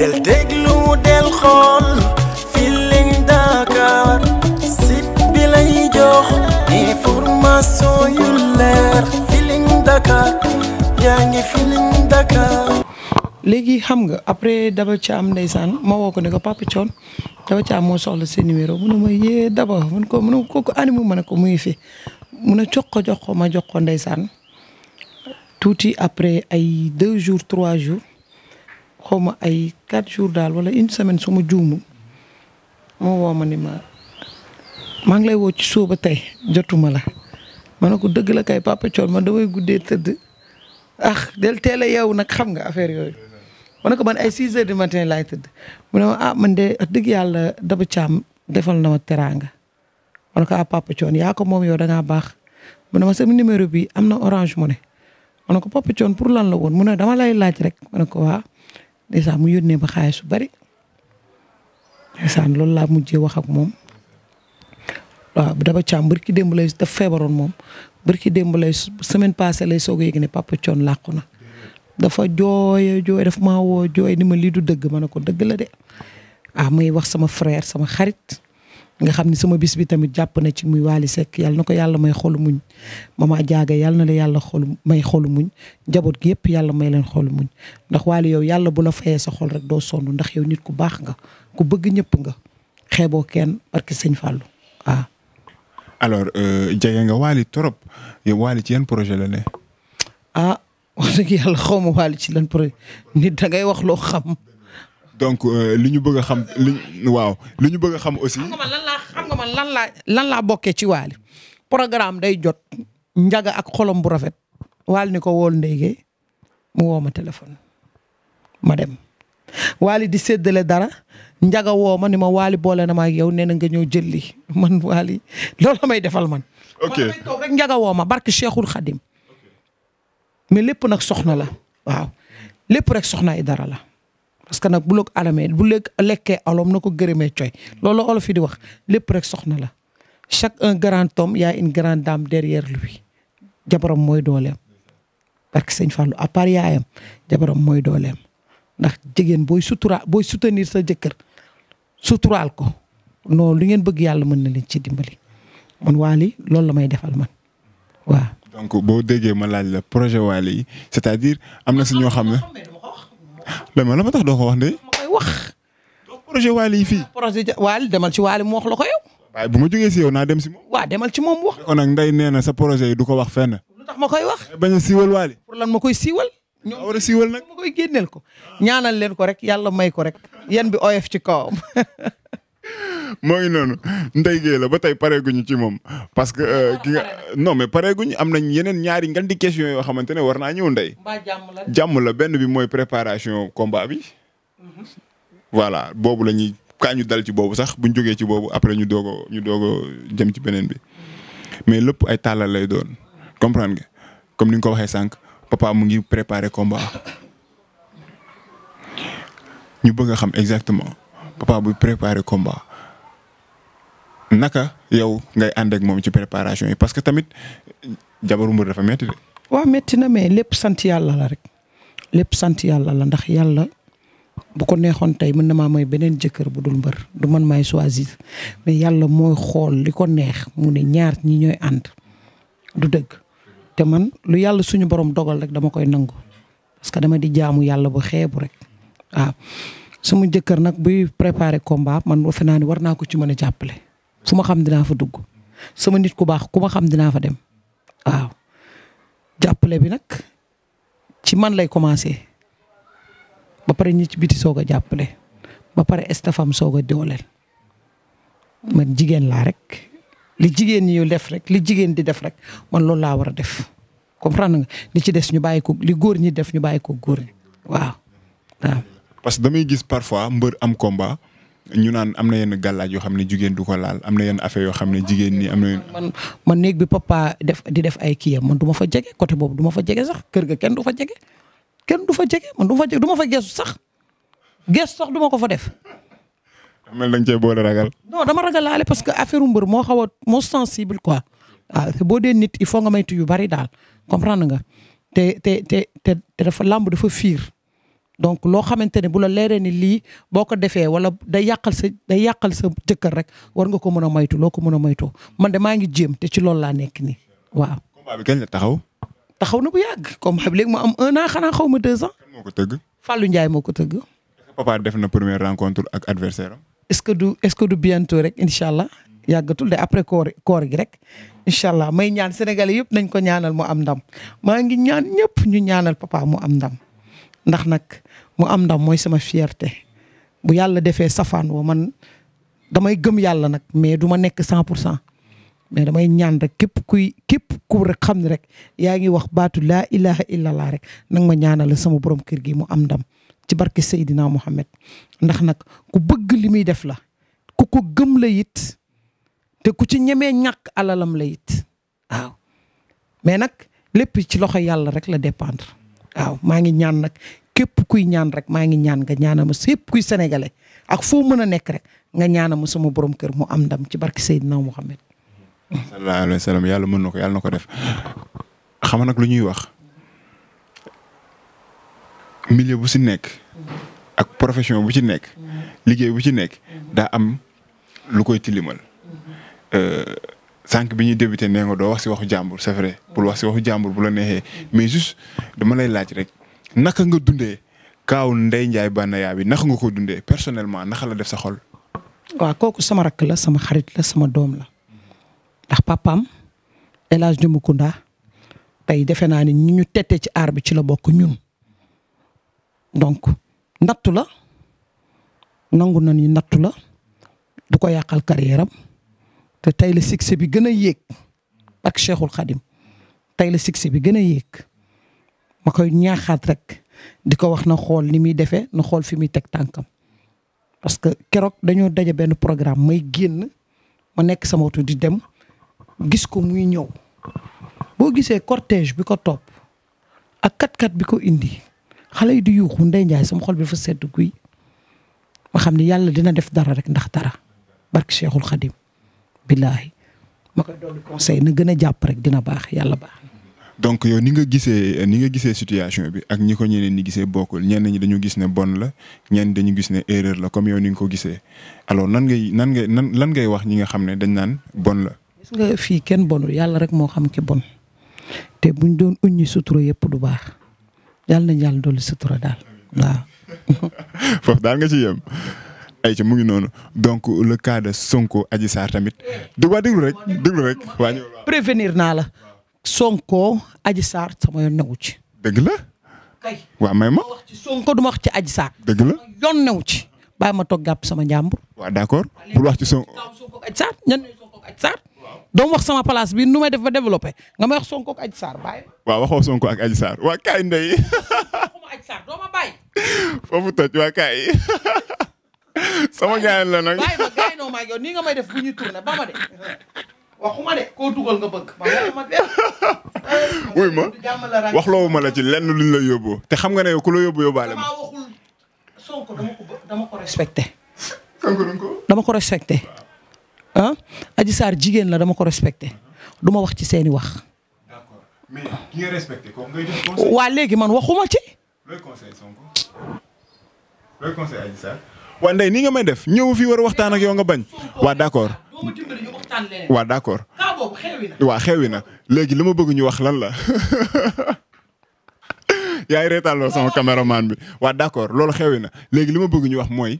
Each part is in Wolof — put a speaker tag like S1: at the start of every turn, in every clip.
S1: del déglu del xool Feeling Dakar site bi lay jox yu leer Feeling Dakar yaa ngi Feeling Dakar. léegi xam nga après Daba Thiam ndeysaan ma woo ko ko Papa Thione Daba Thiam moo soxla seen numéro mu ne ma yee Daba man ko man kooku animu ma ne ko mu ngi fi mu ne jox ko jox ko ma jox ko ndeysaan tuuti après ay deux jours trois jours. xaw ma ay quatre jours daal wala une semaine su ma juumu moo woo ma ma maa ngi lay woo ci ba tey jotuma la ma ne ko dëgg la kay papa Thione man damay guddee tëdd ah del teel a yeewu nag xam nga affaire yooyu ma ne ko man ay 6 heures du matin laay tëdd mu ma ah, man de dëgg yàlla Daba Thiam defal na ma teraanga ma ne ko ah papa Thione yaa ko moom yow da baax ma na ma sama numéro bi am na orange mu ne ma ne ko papa Thione pour lan la woon mu ne dama lay laaj rek ko ndeysaan mu yónnee ba xaalis su bari ndeysaan loolu laa mujjee wax ak moom waaw daba càmm bërki démb lay daf feebaroon moom bërki démb lay semaine passée lay soog a yëg ne papa coon làqu na dafa jooy jooy dafa maa woo jooy ni ma lii du dëgg ma ne ko dëgg la de ah may wax sama freer sama xarit nga xam ni sama bis bi tamit jàpp na ci muy Waly Seck yàlla na ko yàlla may xolu muñ mama jaaga yàlla na la yàlla xolu may xolu muñ njaboot gi yëpp yàlla may leen xolu muñ ndax Waly yow yàlla bu la fayee sa xol rek doo sonn ndax yow nit ku baax nga ku bëgg ñëpp nga xeeboo kenn barki sëñ Fallou waaw.
S2: alors euh, jege nga Waly trop yow Waly ci yan projet la ne.
S1: ah wax dëgg yàlla xaw ma Waly ci lan projet nit
S2: da wax loo xam. donc euh, lu ñu bëgg xam waaw li ñu bëgg a xam aussi.
S1: xam nga lan laa lan laa bokkee ci waali programme day jot njaga ak xolom bu rafet. waali ni ko wool ndéygee mu woo ma téléphone ma dem waali di séddale dara njaga woo ma ni ma waali boole na ma ak yow nee na nga ñëw jëlli man waali loolu may defal man. ok njaga woo ma barke Cheikhul Khadim mais lépp nag soxna la waaw lépp rek soxna ay dara la. parce que nag bu loog alamee bu lekk lekkee alom na ko gërëmee coy loolu olof yi di wax lépp rek soxna la chaque un grand homme y a une grande dame derrière lui jabaram mooy dooleem parce que sëñ fal à part yaayam jabaram mooy dooleem ndax jigéen booy sutura booy soutenir sa jëkkër suturaal ko non lu ngeen bëgg yàlla mën na leen ci dimbali man Wally loolu la may defal man
S2: waaw. donc boo déggee ma laaj la projet Wally yi c'est-à-dire am na si ñoo xam léegi man la ma tax doo ko wax ndey.
S1: ma koy wax. projet Wally fii. projet Wally demal ci
S2: Wally mu wax la ko yow. waaye bu ma jógee si naa dem si moom. waaw demal ci moom wax. kon nag Ndeye nee na sa projet yi du ko wax fenn. lu
S1: tax ma koy wax. bañ a siiwal Wally. pour lan ma koy siiwal. ñoom war a siiwal nag ma koy génneel ko. ñaanal leen ko rek yalla may ko rek. yéen bi oyof ci kawam.
S2: moo ngi noonu Ndeye Gueye la ba tey pareeguñu ci moom parce que euh, ki pareeguñu am nañ yeneen ñaari ngan di question yoo xamante ne war naa ñëw ndey jàmm la benn bi mooy préparation combat bi. Mhm. voilà boobu la ñuy kaa ñu dal ci boobu sax buñ jógee ci boobu après ñu doog ñu doog jëm ci beneen bi mais lépp ay tàllal lay doon comprendre nga comme ni nga ko waxee sànq papa mu ngi préparer combat ñu bëgg xam exactement. papa buy préparer combat naka yow ngay ànd ak moom ci préparation yi parce que tamit jabaru mbër dafa metti de.
S1: waaw metti na mais lépp sant yàlla la rek lépp sant yàlla la ndax yàlla bu ko neexoon tey mën na maa may beneen jëkkër bu dul mbër du man may choisir mais yàlla mooy xool li ko neex mu ne ñaar ñi ñooy ànd du dëgg te man lu yàlla suñu borom dogal rek dama koy nangu parce que dama di jaamu yàlla bu xeebu rek suma jëkkër nag buy préparer combat man defe naa ne war naa ko ci mën a jàppale fu ma xam dinaa fa dugg sama nit ku baax ku xam dinaa fa dem waaw jàppale bi nag ci man lay commencé ba pare ñi ci biti soog a jàppale ba pare estafam soog a dooleel man jigéen laa rek li jigéen ñi def rek li jigéen di def rek man loolu laa war a def comprendre nga li ci def ñu bàyyi ko li góor ñi def ñu bàyyi ko góor ñi waaw.
S2: parce que damay gis parfois mbër am combat ñu naan am na yenn gàllaaj yoo xam ne
S1: jigéen du ko laal am na yenn affaire yoo xam ne jigéen ñi am na. man man néeg bi papa def di def ay kii man du ma fa jege côté boobu duma fa jege sax kër ga kenn du fa jege kenn du fa jege man du fa jege du ma fa geesu sax gees sax du ko fa def. mel na nga
S2: cee boole ragal.
S1: non dama laale parce que affaire mbër moo xaw moo sensible quoi ah te boo dee nit il faut nga maytu yu bari daal comprendre nga te te te te dafa làmb dafa fiir. donc loo xamante ne bu la leeree ni lii boo ko defee wala day yàqal sa day yàqal sa jëkkër rek war nga ko mën a moytu loo ko mën a moytoo man de maa ngi jéem te ci loolu laa nekk nii waaw.
S2: combat bi kañ taxaw.
S1: taxaw na bu yàgg combat bi léegi mu am un an xanaa xaw ma deux ans. kan moo ko tëgg. Fallou Ndiaye moo ko tëgg.
S2: papa def na première rencontre ak adversaire am.
S1: est-ce que du est-ce que du bientôt rek incha allah yàggatul de après koor koor gi rek incha allah may ñaan sénégalais yëpp nañ ko ñaanal mu am ndam maa ngi ñaan ñëpp ñu ñaanal papa mu am ndam. ndax nag mu am ndam mooy sama fierté bu yàlla defee safaan woo man damay gëm yàlla nag mais du ma nekk cent pour cent mais damay ñaan rek képp kuy képp ku rek xam ne rek yaa ngi wax baatu laa ilaha illallah rek nag ma ñaanal sama borom kër gi mu am ndam ci barke Seydina Mohamed ndax nag ku bëgg li muy def la ku ko gëm la it te ku ci ñeme ñàkk alalam la it waaw mais nag lépp ci loxo yàlla rek la dépendre waaw maa ngi ñaan nag képp kuy ñaan rek maa ngi ñaan nga ñaana ma sépp kuy sénégalais ak foo mën a nekk rek nga ñaana ma sama boroom kër mu am ndam ci barki Seydina Muhammad.
S2: sallallahu alayhi wa sallam yàlla mën na ko yàlla na ko def xam nag lu ñuy wax milieu bu si nekk ak profession bu ci nekk liggéey bu ci nekk daa am lu koy tilimal. Euh, sànq bi ñuy débuté nee nga doo wax si waxu jàmbur c'est vrai pour wax si waxu jàmbur bu la neexee mais juste dama lay laaj rek naka nga dundee kaaw Ndeye Ndiaye Banaya bi naka nga ko dundee personnellement naka la def sa xol.
S1: waaw kooku sama rakk la sama xarit la sama doom la ndax papaam élage Hadj Ndioumoukunda tey defe naa ni ñu ñu tettee ci aar bi ci la bokk ñun donc nattu la nangu nañu nattu la bu ko yàqal carrière te tey la succès bi gën a yéeg ak Cheikhul Khadim tey la succès bi gën a yéeg ma koy ñaaxaat rek di ko wax na xool ni muy defee na xool fi muy teg tànkam. parce que keroog dañoo daje benn programme may génn ma nekk sama oto di dem gis ko muy ñëw boo gisee cortège bi ko topp ak kat-kat bi ko indi xale yi di yuuxu Ndeye Ndiaye sama xol bi fa sedd guy ma xam ni yàlla dina def dara rek ndax dara barke Cheikhul Khadim billaahi ma ko dolli conseil na gën a jàpp rek dina baax yàlla baax.
S2: donc yow ni nga gisee ni nga gisee situation bi ak ñi ko ñeneen ñi gisee bokkul ñenn ñi dañu gis ne bon la ñenn dañu gis ne erreur la comme yow ni nga ko gisee alors nan ngay nan ngay nan lan ngay wax ñi nga xam ne dañ naan bon la.
S1: gis nga fii kenn bonul yàlla rek moo xam ki bon te buñ doon uññi sutura yëpp du baax yàlla nañ yàlla dolli sutura daal waaw.
S2: foofu daal nga ci yem. ay ci mu noonu donc le cas de Sonko Adji tamit di waa rek déglu rek waa ñu. prévenir naa la Sonko
S1: Adji Sarr sama yoon newu ci.
S2: dëgg la. kay waaw may ma. wax
S1: ci Sonko du ma wax ci Adji Sarr. dëgg la yoon ci bàyyi ma toog gàpp sama njàmbur.
S2: waaw d' pour wax ci Sonko.
S1: Adji Sarr doom wax sama palace bi nu may def ba développé nga may wax Sonko ak
S2: Adji waa kaay ndey. foofu toj waa kaay. sama gars la nag. bàyyi
S1: ma gars yi noo nii nga may def bu ñuy tourné ba ma waxuma de koo dugal nga bëgg.
S2: wuy ma waxloowu ma la ci lenn luñ la yóbboo te xam nga ne ku la yóbbu yóbbaale ma. damaa waxul
S1: Sonko dama ko dama ko respecté. dama ko respecté. ah Adji jigéen la dama ko respecté du ma wax ci seeni wax.
S2: waa léegi man waxuma ci. looy conseil waa ndey nii nga may def ñëw fi war waxtaan ak yow nga bañ waa d'accord
S1: waa d'accord waa
S2: xewi na léegi li ma bëgg ñu wax lan la yaay reetaaloo sama caméraman bi waa d'accord loolu xew xewi na léegi li ma bëgg ñu wax mooy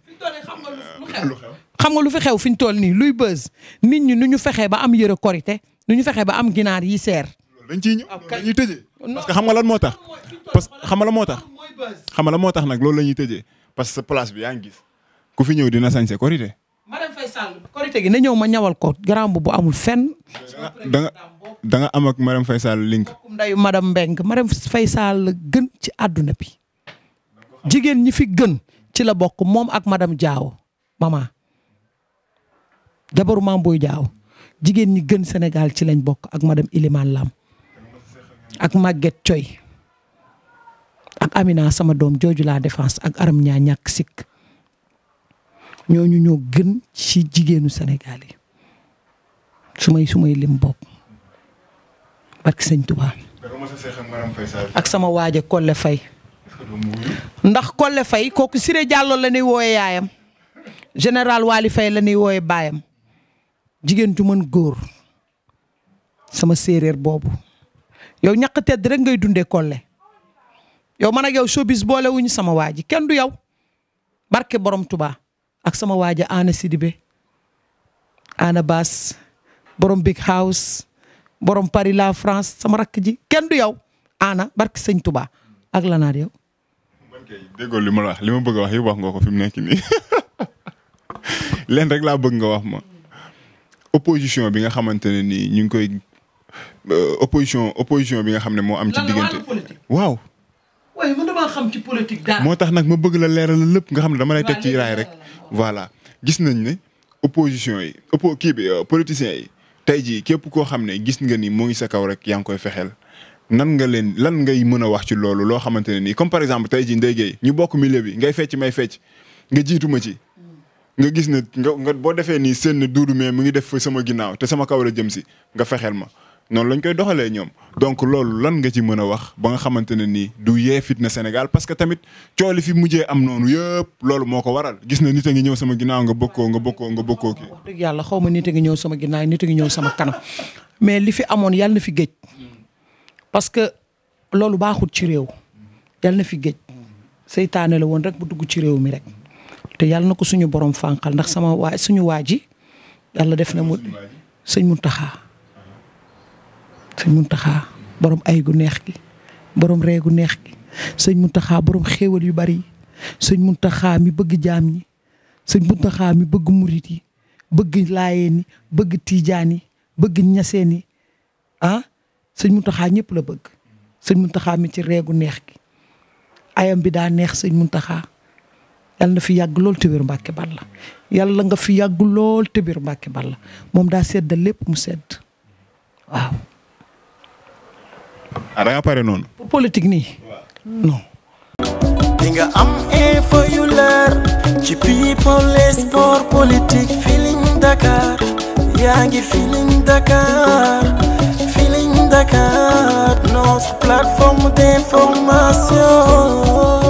S1: xam nga lu fi xew fi ñu toll nii luy bës nit ñi nu ñu fexee ba am yëre korité nu ñu fexe ba am ginaar yi seer. dañ ciy ñëw dañuy tëjee. parce
S2: que xam nga lan moo tax.
S1: parce que xam na lan moo tax. xam nga lan tax nag loolu la
S2: ñuy tëjee parce que sa place bi yaa ngi gis. ku fi ñëw dina sañse korité.
S1: gi na ñëw ma ñawal ko grand bu amul fenn. da nga da nga am ak madame Faye Sall link. ndayu madame Mbengue madame Faye gën ci àdduna bi. jigéen ñi fi gën ci la bokk moom ak madame Diaw mama jabaru maam booy jigéen ñi gën Sénégal ci lañ bokk ak madame Ilimane Lam ak Maguette Coy ak Amina sama doom jooju la défense ak aram ñaa ñàkk ñooñu ñoo gën ci jigéenu Sénégal yi su may su may lim bopp barki sëñ Touba. ak sama waaje Kolle fay ndax Kolle Faye kooku Siré Diallo la ñuy wooye yaayam général waali fay la ñuy wooye baayam jigéen ju mën góor sama séeréer boobu yow ñaq tedd rek ngay dundee Kolle yow man ak yow showbiz boolewuñu sama waa ji kenn du yow barke borom tubaa ak sama waaja Anna Sidibé Anna Bass borom Big House borom pari la France sama rakk kenn du yow Anna barki sëñ tuba ak lanaat yow.
S2: ok déggoo li ma wax li ma bëgg a wax yëpp nga ko fi mu nekk nii leen rek laa bëgg nga wax ma opposition bi nga xamante ne nii ñu ngi koy euh, opposition opposition bi nga xam ne moo am. ci diggante waaw.
S1: mënoo moo
S2: tax nag ma bëgg la leeral lépp nga xam ne dama lay teg ci raay rek. voilà gis nañ ne opposition yi oppo kii bi euh, politiciens yi tey jii képp koo xam ne gis nga ni mu ngi sa kaw rek yaa ngi koy fexeel. nan nga leen lan ngay mën a wax ci loolu loo xamante ne nii comme par exemple tey jii Ndeye ñu bokk milieu bi ngay fecc may fecc nga jiitu ma ci. Mm. nga gis ne nga nga boo defee nii seen duudu mais mu ngi def fa sama ginnaaw te sama kaw la jëm si nga fexeel ma noonu lañ koy doxalee ñoom donc loolu lan nga ci mën a wax ba nga xamante ne nii du yee na Sénégal parce que tamit cooli fi mujjee am noonu yëpp loolu moo ko waral gis na nit a ngi ñëw sama ginnaaw nga bokkoo nga bokkoo nga bokkoo kii. wax
S1: dëgg yàlla xaw ma nit a ñëw sama ginnaaw nit a ngi ñëw sama kanam mais li fi amoon yàlla na fi géej parce que loolu baaxul ci réew yàlla na fi géej seytaane la woon rek bu dugg ci réew mi rek te yàlla na ko suñu borom fànqal ndax sama waa suñu waa ji yàlla def na mu sëñ Mountakha mun Muntaxa boroom ay gu neex ki boroom ree gu neex gi sëñ taxa boroom xéewal yu bari sëñ Muntaxa mi bëgg jaam ñi sëñ Muntaxa mi bëgg murit yi bëgg laayeen yi bëgg tiijaan yi bëgg ñaseen yi ah sëñ Muntaxa ñëpp la bëgg sëñ Muntaxa mi ci reegu neex gi ayam bi daa neex sëñ Muntaxa yàlla na fi yàgg lool te wér Mbàkke Balla yàlla nga fi yàgg lool te wér Mbàkke Balla moom daa sedd lépp mu sedd waaw
S2: ah da pare noonu.
S1: pour nii. non. di am info yu leer ci people et sport politique Dakar yaa ngi Feeling Dakar Feeling Dakar notre plateforme d'information.